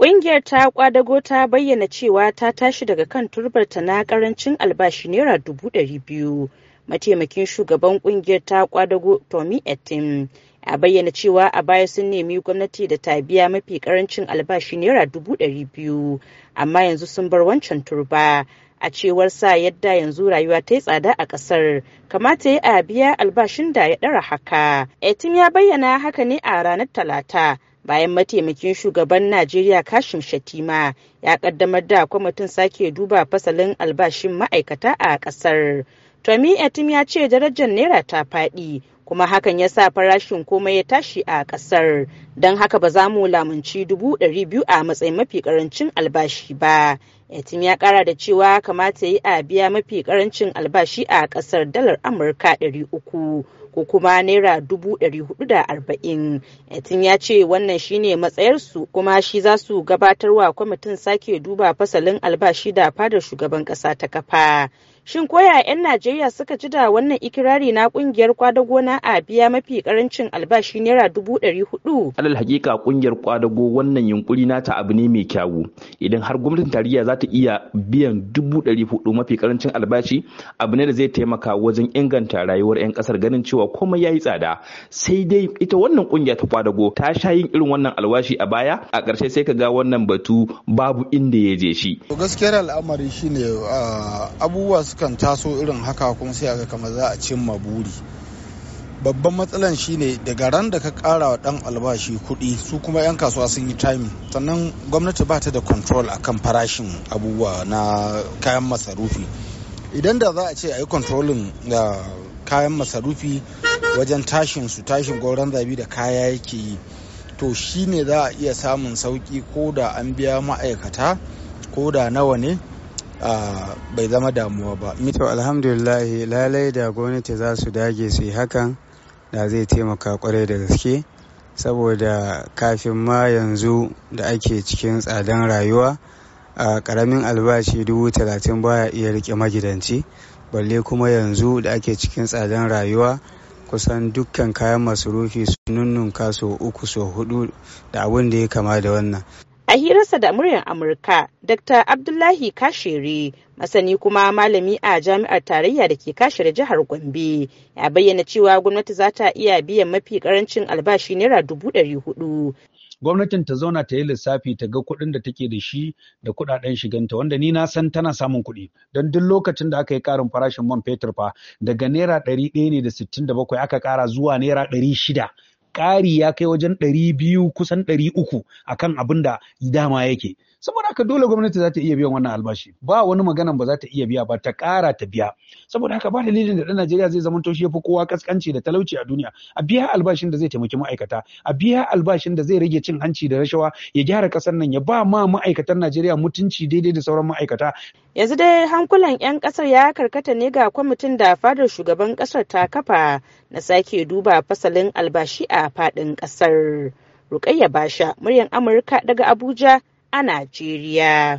Ƙungiyar ta kwadago ta bayyana cewa ta tashi daga kan turbarta na karancin albashi naira dubu ɗari biyu. Mataimakin shugaban ƙungiyar ta kwadago Tommy Etim a bayyana cewa a baya sun nemi gwamnati da ta biya mafi karancin albashi naira dubu ɗari biyu amma yanzu sun bar wancan turba a cewar sa yadda yanzu rayuwa ta yi tsada a ƙasar kamata ya a biya albashin da ya ɗara haka. Etim ya bayyana haka ne a ranar Talata bayan mataimakin shugaban Najeriya Kashim Shatima ya kaddamar da kwamitin sake duba fasalin albashin ma'aikata a kasar. Tommy Etim ya ce darajar naira ta faɗi kuma hakan ya sa farashin komai ya tashi a kasar don haka ba za mu lamunci dubu ɗari biyu a matsayin mafi ƙarancin albashi ba etim ya ƙara da cewa kamata yi a biya mafi ƙarancin albashi a ƙasar dalar amurka ɗari uku ko kuma naira dubu ɗari hudu da arba'in etin ya ce wannan shine matsayarsu kuma shi za su gabatar wa kwamitin sake duba fasalin albashi da fadar shugaban ƙasa ta kafa Shin koya 'yan Najeriya suka ji da wannan ikirari na kungiyar kwadago na a biya mafi karancin albashi naira dubu ɗari hudu? Alal hakika kungiyar kwadago wannan yunkuri ta abu ne mai kyawu. Idan har gwamnatin tarayya za ta iya biyan dubu ɗari hudu mafi karancin albashi abu ne da zai taimaka wajen inganta rayuwar 'yan kasar ganin cewa komai ya yi tsada. Sai dai ita wannan kungiya ta kwadago ta sha yin irin wannan albashi a baya a ƙarshe sai ka ga wannan batu babu inda ya je shi. Gaskiyar al'amari shine ah, abubuwa sukan taso irin haka kuma sai ga kamar za a cimma buri babban matsalan shine daga ran da ka kara wa dan albashi kudi su kuma 'yan kasuwa sun yi tami sannan gwamnati ba ta da control akan farashin abubuwa na kayan masarufi idan da za a ce a yi controlling da uh, kayan masarufi wajen tashin su tashin gauran zabi da kaya yake yi to shi shine za a iya samun sauki ko da an biya ma'aikata ko da nawa ne bai zama damuwa ba. Mito alhamdulillahi lalai da gwamnati za su dage su yi hakan da zai taimaka kwarai da gaske saboda kafin ma yanzu da ake cikin tsadan rayuwa a karamin albashi dubu talatin baya iya rike magidanci balle kuma yanzu da ake cikin tsadan rayuwa kusan dukkan kayan masarufi su nunnunka so uku so hudu da abin da ya kama da wannan A hirarsa da muryar Amurka, Dr. Abdullahi Kashere, masani kuma malami a jami'ar tarayya da ke kashe da jihar Gombe, ya bayyana cewa gwamnati za ta iya biyan mafi karancin albashi naira dubu ɗari hudu. Gwamnatin ta zauna ta yi lissafi ta ga kuɗin da take da shi da kuɗaɗen shiganta wanda ni na san tana samun kuɗi don duk lokacin da aka yi ƙarin farashin man fetur fa daga naira ɗari ɗaya ne da sittin da bakwai aka ƙara zuwa naira ɗari shida ƙari ya kai wajen ɗari biyu kusan ɗari uku a kan abin da dama yake saboda haka dole gwamnati za ta iya biyan wannan albashi ba wani maganan ba za ta iya biya ba ta ƙara ta biya saboda haka ba dalilin da ɗan Najeriya zai zama toshe fi kowa kaskanci da talauci a duniya a biya albashin da zai taimaki ma'aikata a biya albashin da zai rage cin hanci da rashawa ya gyara ƙasar nan ya ba ma ma'aikatan Najeriya mutunci daidai da sauran ma'aikata yanzu dai hankulan 'yan kasar ya karkata ne ga kwamitin da fadar shugaban kasar ta kafa na sake duba fasalin albashi a fadin kasar rukayya basha muryan amurka daga abuja a najeriya